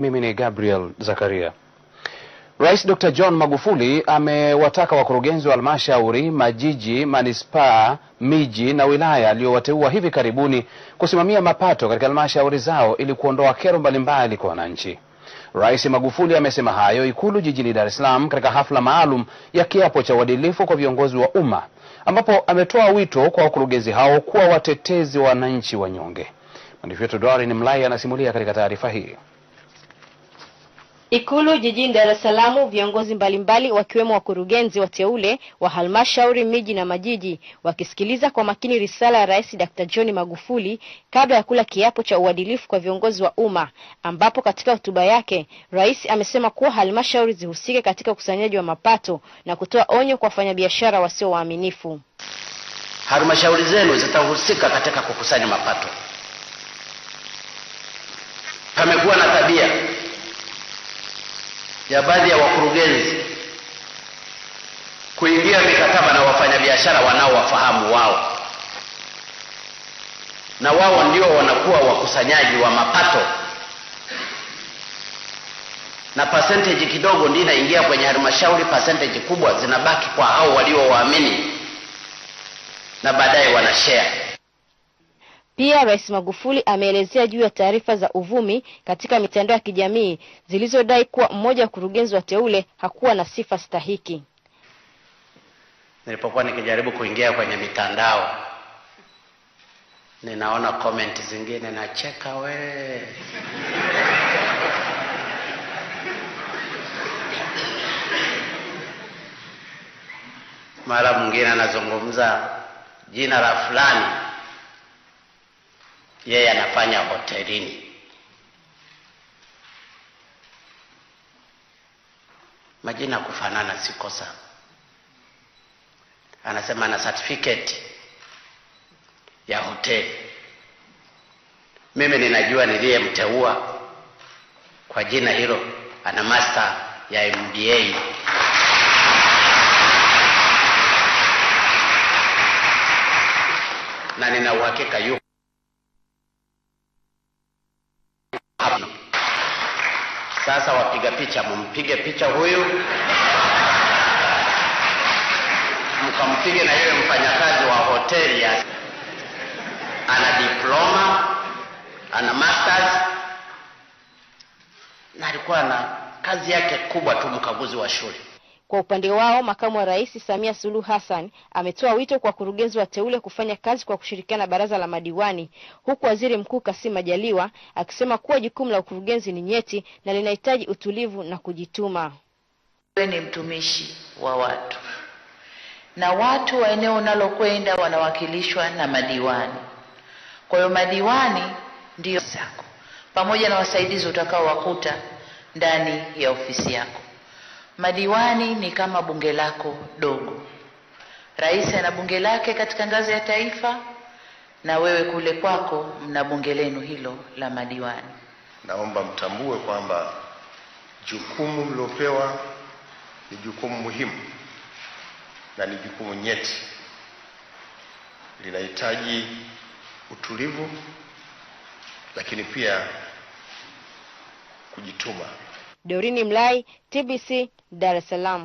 Mimi ni Gabriel Zakaria. Rais Dr. John Magufuli amewataka wakurugenzi wa halmashauri, majiji, manispaa, miji na wilaya aliyowateua hivi karibuni kusimamia mapato katika halmashauri zao ili kuondoa kero mbalimbali kwa wananchi. Rais Magufuli amesema hayo Ikulu jijini Dar es Salaam katika hafla maalum ya kiapo cha uadilifu kwa viongozi wa umma ambapo ametoa wito kwa wakurugenzi hao kuwa watetezi wa wananchi wanyonge. Mwandishi wetu ni Mlai anasimulia katika taarifa hii. Ikulu jijini Dar es Salaam, viongozi mbalimbali wakiwemo wakurugenzi wateule wa halmashauri miji na majiji wakisikiliza kwa makini risala ya Rais Dr. John Magufuli kabla ya kula kiapo cha uadilifu kwa viongozi wa umma, ambapo katika hotuba yake Rais amesema kuwa halmashauri zihusike katika ukusanyaji wa mapato na kutoa onyo kwa wafanyabiashara wasio waaminifu. Halmashauri zenu zitahusika katika kukusanya mapato. Pamekuwa na tabia ya baadhi ya wakurugenzi kuingia mikataba na wafanyabiashara wanaowafahamu wao, na wao ndio wanakuwa wakusanyaji wa mapato, na percentage kidogo ndio inaingia kwenye halmashauri, percentage kubwa zinabaki kwa hao waliowaamini, na baadaye wanashare pia Rais Magufuli ameelezea juu ya taarifa za uvumi katika mitandao ya kijamii zilizodai kuwa mmoja wa kurugenzi wa teule hakuwa na sifa stahiki. Nilipokuwa nikijaribu kuingia kwenye mitandao, ninaona comment zingine, nacheka we mara mwingine anazungumza jina la fulani yeye anafanya hotelini. Majina kufanana sikosa Anasema ana certificate ya hoteli. Mimi ninajua niliyemteua kwa jina hilo ana master ya MBA. Na nina uhakika yuko Sasa wapiga picha, mumpige picha huyu, mkampige na yule mfanyakazi wa hoteli, ana diploma, ana masters na alikuwa na kazi yake kubwa tu, mkaguzi wa shule. Kwa upande wao, makamu wa rais Samia Suluhu Hassan ametoa wito kwa wakurugenzi wa teule kufanya kazi kwa kushirikiana na baraza la madiwani, huku waziri mkuu Kassim Majaliwa akisema kuwa jukumu la ukurugenzi ni nyeti na linahitaji utulivu na kujituma. Wewe ni mtumishi wa watu na watu wa eneo unalokwenda wanawakilishwa na madiwani. Kwa hiyo madiwani ndio zako pamoja na wasaidizi utakaowakuta ndani ya ofisi yako. Madiwani ni kama bunge lako dogo. Rais ana bunge lake katika ngazi ya taifa, na wewe kule kwako mna bunge lenu hilo la madiwani. Naomba mtambue kwamba jukumu mliopewa ni jukumu muhimu na ni jukumu nyeti, linahitaji utulivu, lakini pia kujituma. Dorini Mlai, TBC, Dar es Salaam.